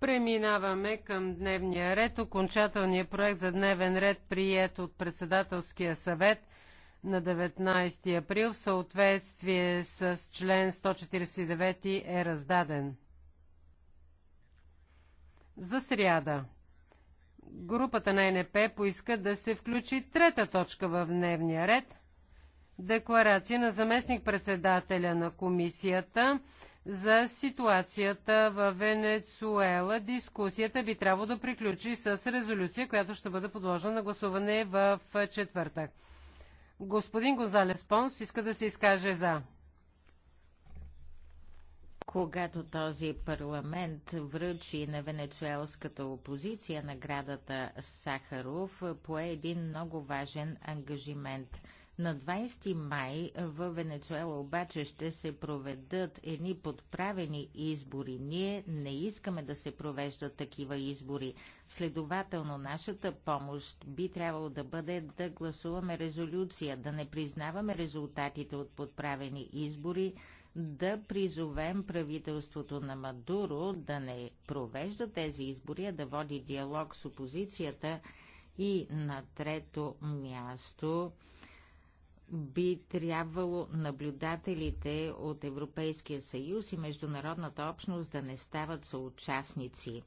Преминаваме към дневния ред. Окончателният проект за дневен ред прият от председателския съвет на 19 април в съответствие с член 149 е раздаден. За сряда. Групата на НП поиска да се включи трета точка в дневния ред. Декларация на заместник-председателя на комисията за ситуацията в Венецуела. Дискусията би трябвало да приключи с резолюция, която ще бъде подложена на гласуване в четвъртък. Господин Гонзалес Понс иска да се изкаже за. Когато този парламент връчи на венецуелската опозиция наградата Сахаров, пое един много важен ангажимент – на 20 май в Венецуела обаче ще се проведат едни подправени избори. Ние не искаме да се провеждат такива избори. Следователно, нашата помощ би трябвало да бъде да гласуваме резолюция, да не признаваме резултатите от подправени избори, да призовем правителството на Мадуро да не провежда тези избори, а да води диалог с опозицията и на трето място би трябвало наблюдателите от Европейския съюз и международната общност да не стават съучастници.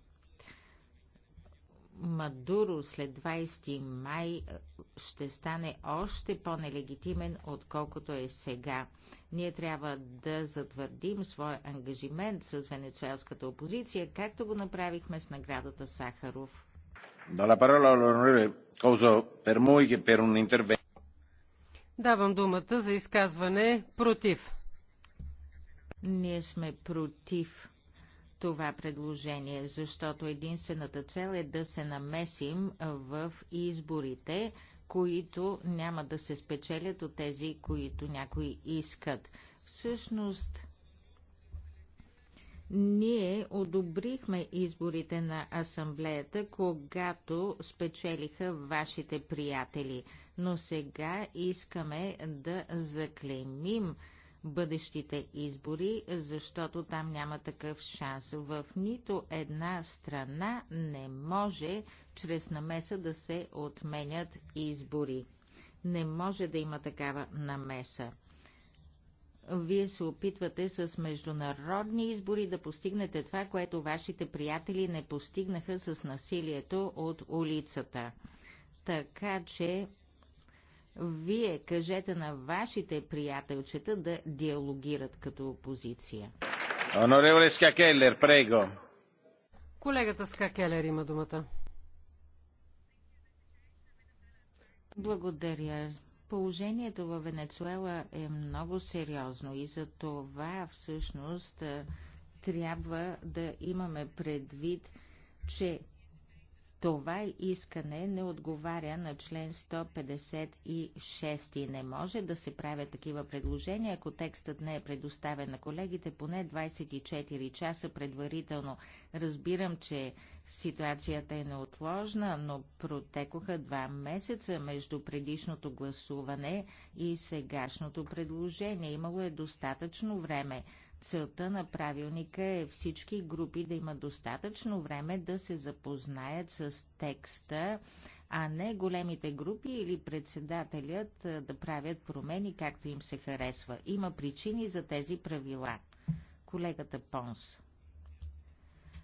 Мадуро след 20 май е, ще стане още по-нелегитимен, отколкото е сега. Ние трябва да затвърдим своя ангажимент с венецуелската опозиция, както го направихме с наградата Сахаров. Do la parola all'onorevole Coso per noi che per un intervento. Давам думата за изказване против. Ние сме против това предложение, защото единствената цел е да се намесим в изборите, които няма да се спечелят от тези, които някои искат. Всъщност, ние одобрихме изборите на асамблеята, когато спечелиха вашите приятели, но сега искаме да заклемим бъдещите избори, защото там няма такъв шанс. В нито една страна не може чрез намеса да се отменят избори. Не може да има такава намеса. Вие се опитвате с международни избори да постигнете това, което вашите приятели не постигнаха с насилието от улицата. Така че вие кажете на вашите приятелчета да диалогират като опозиция. Оноревле Скакелер, прего. Колегата Скакелер има думата. Благодаря. Положението във Венецуела е много сериозно и за това всъщност трябва да имаме предвид, че това искане не отговаря на член 156 и не може да се правят такива предложения, ако текстът не е предоставен на колегите поне 24 часа предварително. Разбирам, че ситуацията е неотложна, но протекоха два месеца между предишното гласуване и сегашното предложение. Имало е достатъчно време Целта на правилника е всички групи да имат достатъчно време да се запознаят с текста, а не големите групи или председателят да правят промени както им се харесва. Има причини за тези правила. Колегата Понс.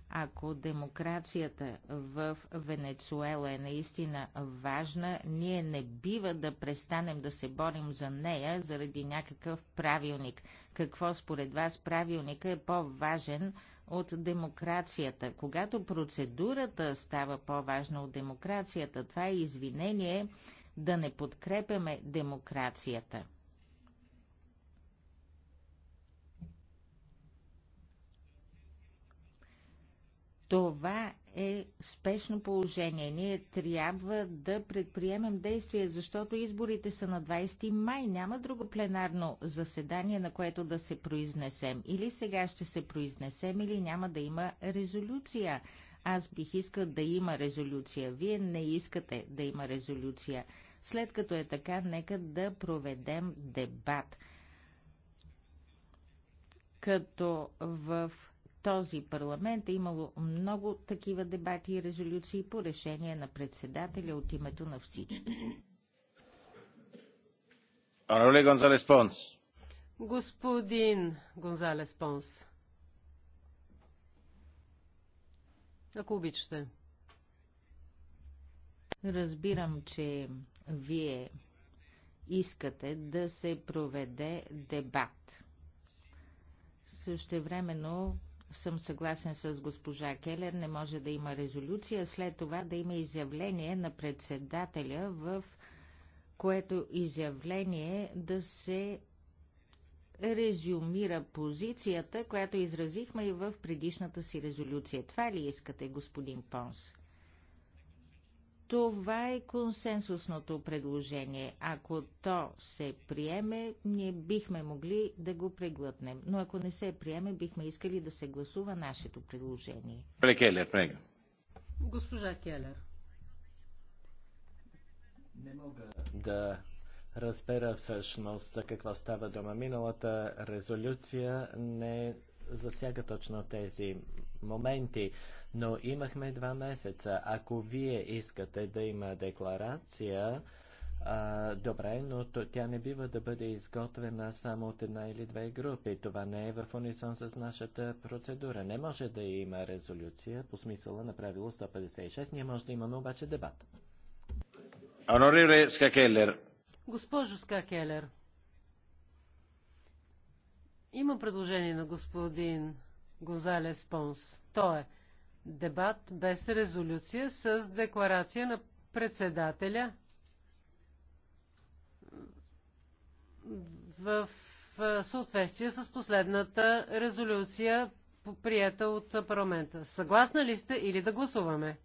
Ако демокрацията в Венецуела е наистина важна, ние не бива да престанем да се борим за нея заради някакъв правилник. Какво според вас правилника е по-важен от демокрацията? Когато процедурата става по-важна от демокрацията, това е извинение да не подкрепяме демокрацията. Това е спешно положение. Ние трябва да предприемем действия, защото изборите са на 20 май. Няма друго пленарно заседание, на което да се произнесем. Или сега ще се произнесем, или няма да има резолюция. Аз бих искал да има резолюция. Вие не искате да има резолюция. След като е така, нека да проведем дебат. Като в този парламент е имало много такива дебати и резолюции по решение на председателя от името на всички. Гонзалес Понс. Господин Гонзалес Понс. Ако обичате. Разбирам, че вие искате да се проведе дебат. времено съм съгласен с госпожа Келер, не може да има резолюция, след това да има изявление на председателя, в което изявление да се резюмира позицията, която изразихме и в предишната си резолюция. Това ли искате, господин Понс? Това е консенсусното предложение. Ако то се приеме, ние бихме могли да го преглътнем. Но ако не се приеме, бихме искали да се гласува нашето предложение. Келер, прега. Госпожа Келер. Не мога да разбера всъщност за какво става дома. Миналата резолюция не засяга точно тези моменти, но имахме два месеца. Ако вие искате да има декларация, а, добре, но тя не бива да бъде изготвена само от една или две групи. Това не е в унисон с нашата процедура. Не може да има резолюция по смисъла на правило 156. Ние може да имаме обаче дебат. Оноревле Скакелер. Госпожо Скакелер, има предложение на господин Гонзалес Понс. То е дебат без резолюция с декларация на председателя в съответствие с последната резолюция, прията от парламента. Съгласна ли сте или да гласуваме?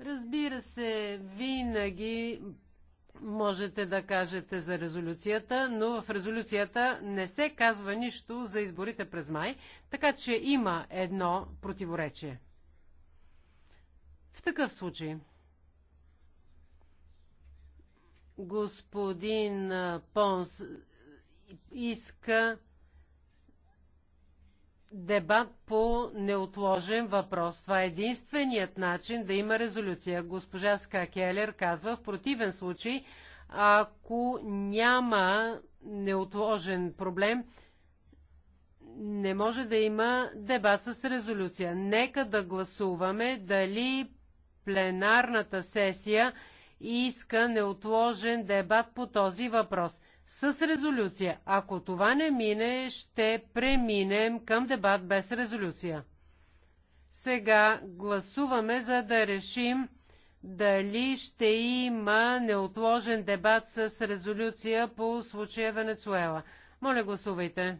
Разбира се, винаги можете да кажете за резолюцията, но в резолюцията не се казва нищо за изборите през май, така че има едно противоречие. В такъв случай, господин Понс иска дебат по неотложен въпрос. Това е единственият начин да има резолюция. Госпожа Ска Келер казва, в противен случай, ако няма неотложен проблем, не може да има дебат с резолюция. Нека да гласуваме дали пленарната сесия иска неотложен дебат по този въпрос – с резолюция. Ако това не мине, ще преминем към дебат без резолюция. Сега гласуваме, за да решим дали ще има неотложен дебат с резолюция по случая Венецуела. Моля, гласувайте.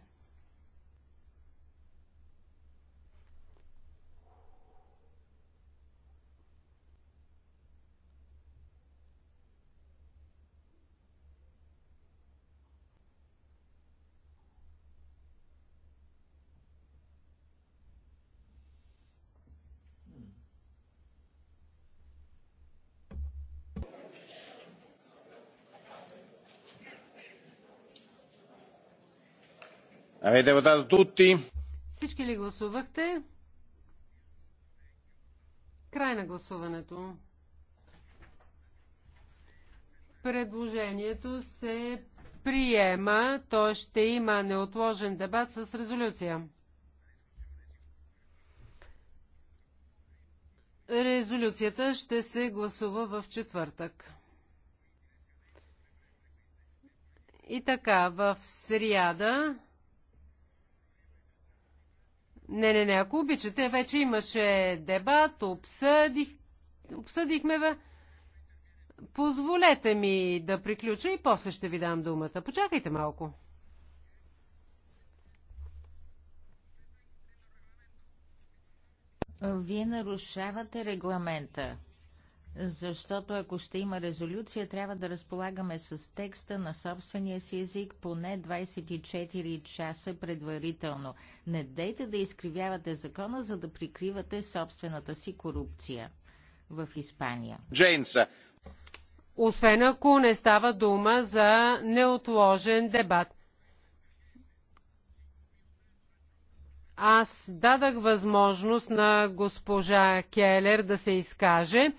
Avete votato tutti? Всички ли гласувахте? Край на гласуването. Предложението се приема. То ще има неотложен дебат с резолюция. Резолюцията ще се гласува в четвъртък. И така, в сряда не, не, не, ако обичате, вече имаше дебат, обсъдих, обсъдихме. Позволете ми да приключа и после ще ви дам думата. Почакайте малко. Вие нарушавате регламента защото ако ще има резолюция, трябва да разполагаме с текста на собствения си език поне 24 часа предварително. Не дейте да изкривявате закона, за да прикривате собствената си корупция в Испания. Джейнса. Освен ако не става дума за неотложен дебат. Аз дадах възможност на госпожа Келер да се изкаже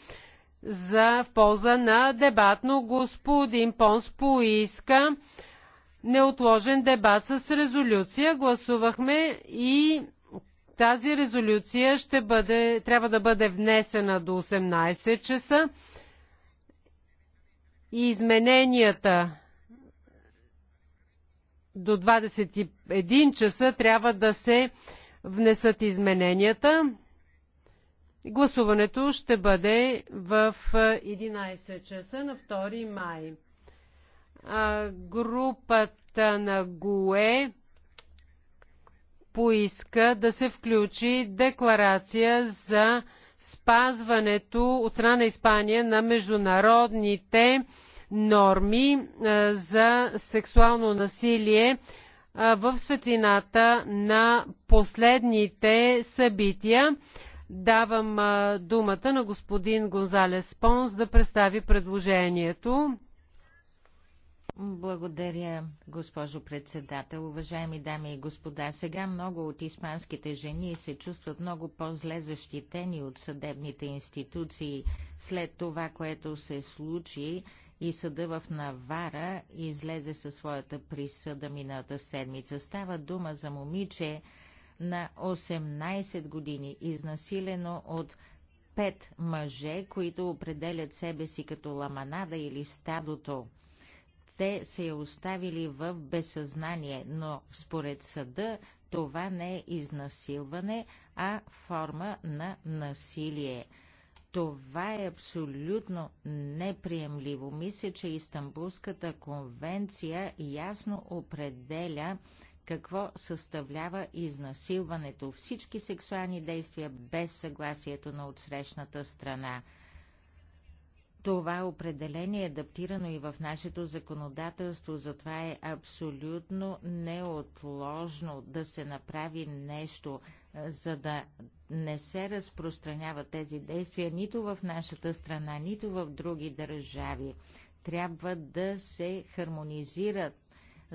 за в полза на дебат, но господин Понс поиска неотложен дебат с резолюция. Гласувахме и тази резолюция ще бъде, трябва да бъде внесена до 18 часа и измененията до 21 часа трябва да се внесат измененията. Гласуването ще бъде в 11 часа на 2 май. А, групата на ГУЕ поиска да се включи декларация за спазването от страна на Испания на международните норми а, за сексуално насилие а, в светлината на последните събития. Давам думата на господин Гонзалес Понс да представи предложението. Благодаря, госпожо председател. Уважаеми дами и господа, сега много от испанските жени се чувстват много по-зле защитени от съдебните институции след това, което се случи и съда в Навара излезе със своята присъда миналата седмица. Става дума за момиче, на 18 години, изнасилено от пет мъже, които определят себе си като ламанада или стадото. Те се я е оставили в безсъзнание, но според съда това не е изнасилване, а форма на насилие. Това е абсолютно неприемливо. Мисля, че Истанбулската конвенция ясно определя какво съставлява изнасилването, всички сексуални действия без съгласието на отсрещната страна. Това определение е адаптирано и в нашето законодателство, затова е абсолютно неотложно да се направи нещо, за да не се разпространяват тези действия нито в нашата страна, нито в други държави. Трябва да се хармонизират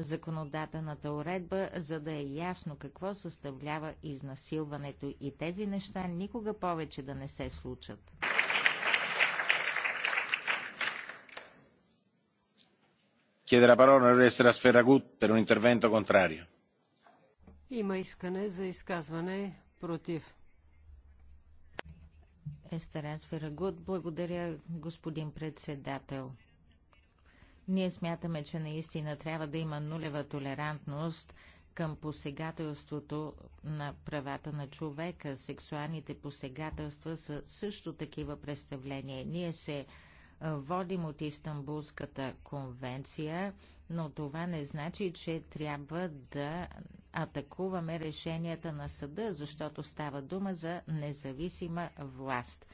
законодателната уредба, за да е ясно какво съставлява изнасилването и тези неща никога повече да не се случат. Chiede la parola per un intervento contrario. Има искане за изказване против. Естерен Сферагут, благодаря господин председател. Ние смятаме, че наистина трябва да има нулева толерантност към посегателството на правата на човека. Сексуалните посегателства са също такива представления. Ние се водим от Истанбулската конвенция, но това не значи, че трябва да атакуваме решенията на съда, защото става дума за независима власт.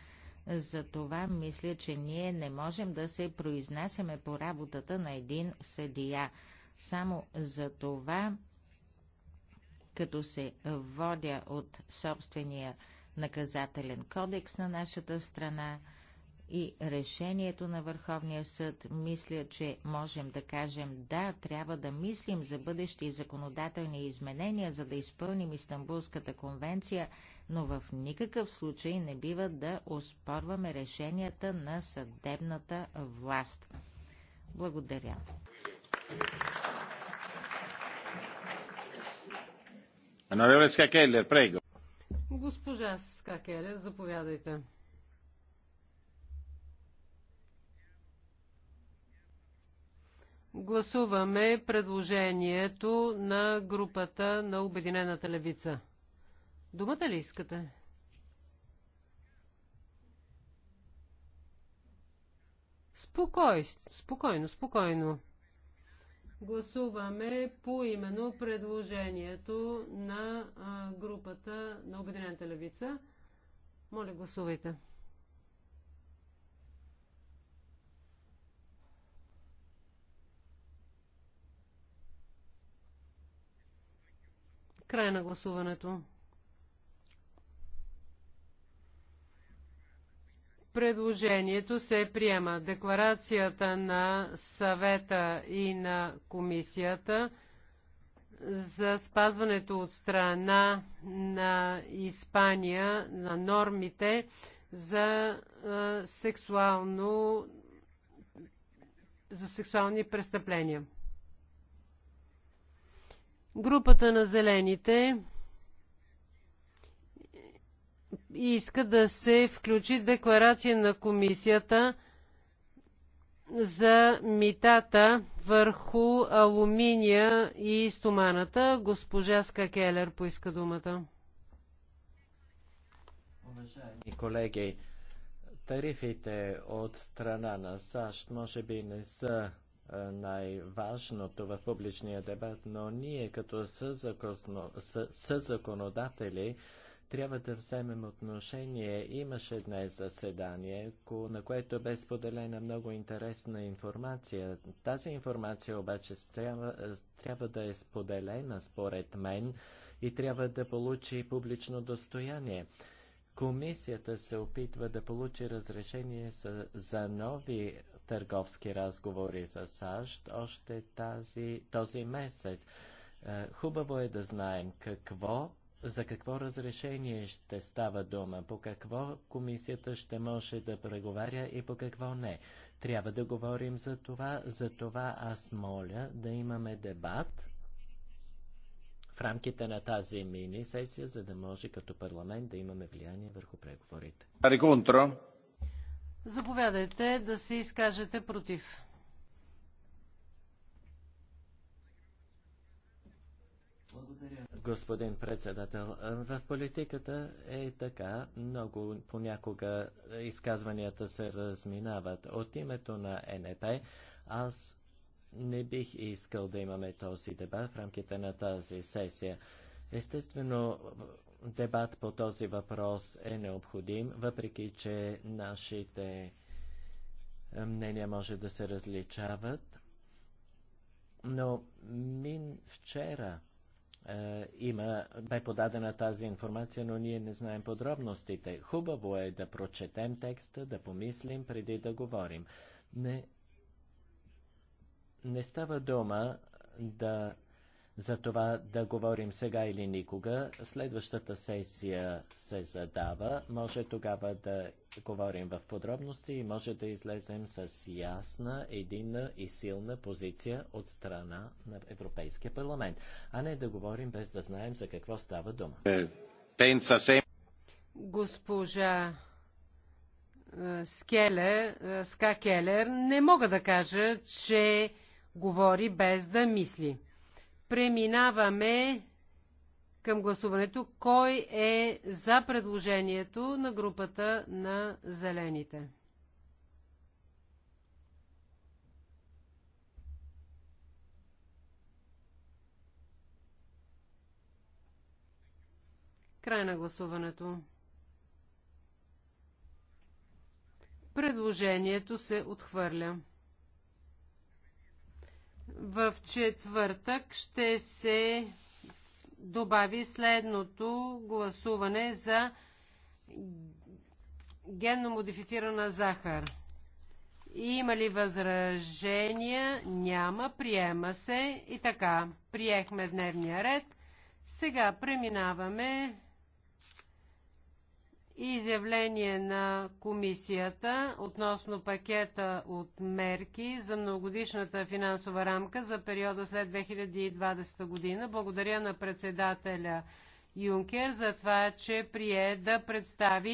Затова мисля, че ние не можем да се произнасяме по работата на един съдия. Само за това, като се водя от собствения наказателен кодекс на нашата страна, и решението на Върховния съд, мисля, че можем да кажем да, трябва да мислим за бъдещи законодателни изменения, за да изпълним Истанбулската конвенция, но в никакъв случай не бива да оспорваме решенията на съдебната власт. Благодаря. Госпожа Скакелер, заповядайте. Гласуваме предложението на групата на Обединената левица. Думата ли искате? Спокой, спокойно, спокойно. Гласуваме по именно предложението на групата на Обединената левица. Моля, гласувайте. Край на гласуването. Предложението се приема. Декларацията на съвета и на комисията за спазването от страна на Испания на нормите за сексуално за сексуални престъпления. Групата на зелените иска да се включи декларация на комисията за митата върху алуминия и стоманата. Госпожа Скакелер поиска думата. Уважаеми колеги, тарифите от страна на САЩ може би не са е, най-важното в публичния дебат, но ние като съзаконодатели трябва да вземем отношение. Имаше днес заседание, на което бе споделена много интересна информация. Тази информация обаче трябва, е, трябва да е споделена, според мен, и трябва да получи публично достояние. Комисията се опитва да получи разрешение за, за нови търговски разговори за САЩ още тази, този месец. Е, хубаво е да знаем какво, за какво разрешение ще става дума, по какво комисията ще може да преговаря и по какво не. Трябва да говорим за това, за това аз моля да имаме дебат в рамките на тази мини сесия, за да може като парламент да имаме влияние върху преговорите. Заповядайте да се изкажете против. Благодаря. Господин председател, в политиката е така. Много понякога изказванията се разминават. От името на НП аз не бих искал да имаме този дебат в рамките на тази сесия. Естествено, дебат по този въпрос е необходим, въпреки че нашите е, мнения може да се различават. Но мин вчера е, има, бе подадена тази информация, но ние не знаем подробностите. Хубаво е да прочетем текста, да помислим преди да говорим. Не, не става дума да за това да говорим сега или никога. Следващата сесия се задава. Може тогава да говорим в подробности и може да излезем с ясна, единна и силна позиция от страна на Европейския парламент, а не да говорим без да знаем за какво става дума. Е, Госпожа е, Скеле, е, Ска Келер, не мога да кажа, че говори без да мисли. Преминаваме към гласуването. Кой е за предложението на групата на зелените? Край на гласуването. Предложението се отхвърля. В четвъртък ще се добави следното гласуване за генно модифицирана захар. Има ли възражения? Няма. Приема се. И така, приехме дневния ред. Сега преминаваме и изявление на комисията относно пакета от мерки за многогодишната финансова рамка за периода след 2020 година. Благодаря на председателя Юнкер за това, че прие да представи